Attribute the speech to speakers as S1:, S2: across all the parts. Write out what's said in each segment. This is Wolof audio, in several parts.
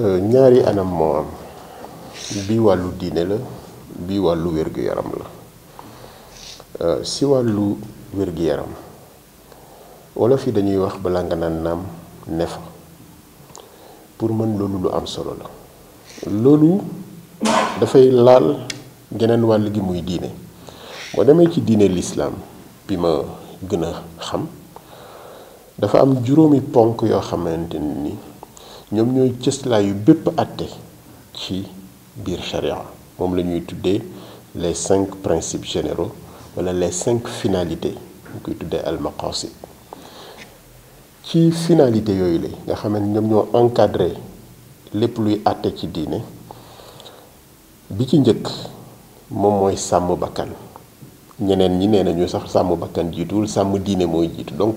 S1: Euh, ñaari anam moo am bi wàllu diine la bi wàllu wér-gu-yaram la euh, si wàllu wér-gu-yaram wolof yi dañuy wax balaa nga naan naam ne fa pour mën loolu lu am solo la loolu dafay laal geneen wàll gi muy diine boo demee ci diine lislaam bi ma gën a xam dafa am juróomi ponk yoo xamante ni Nous ñooy cëslaa yu ci biir la les cinq principes généraux wala les cinq finalités ñu koy tuddee al maqasid ci finalité yooyu la nga xam ñoo encadré lépp luy àtte ci diine bi ci njëkk moom mooy sàmm bakkan ñeneen ñi nee nañu sax sàmm bakkan donc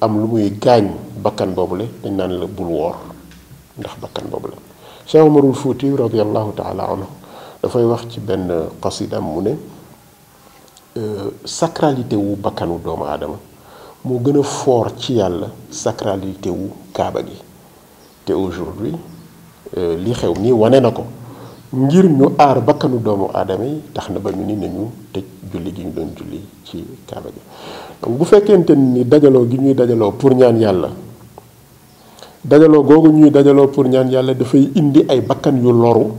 S1: am lu muy gaañ bakkan le dañ naan la bul woor ndax bakkan boobule cheikh umarul fuuti radiallahu taala anhu dafay wax ci benn qasidam mu ne sacralité wu bakkanu doomu aadama moo gën a fort ci yàlla sacralité wu kaaba gi te aujourd'hui li xew nii wane na ko ngir ñu aar bakkanu doomu aadama yi tax na ba ñu ni nañu tëj julli gi ñu doon julli ci kaaba gi bu fekkente ni dajaloo gi ñuy dajaloo pour ñaan yàlla dajaloo googu ñuy dajaloo pour ñaan yàlla dafay indi ay bakkan yu loru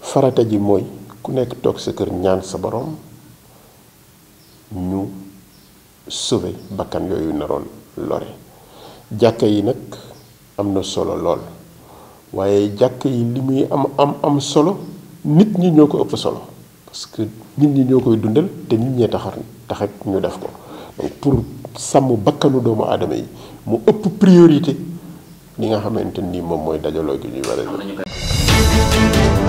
S1: farata ji mooy ku nekk toog sa kër ñaan sa borom ñu sauver bakkan yooyu naroon lore jàkka yi nag am na solo lool waaye jàkk yi li muy am am am solo nit ñi ñoo ko ëpp solo parce que nit ñi ñoo koy dundal te nit ñee taxar taxek ñu def ko donc pour sàmm bakkanu doomu aadama yi mu ëpp priorité li nga xamante ni moom mooy dajaloo gi ñuy war a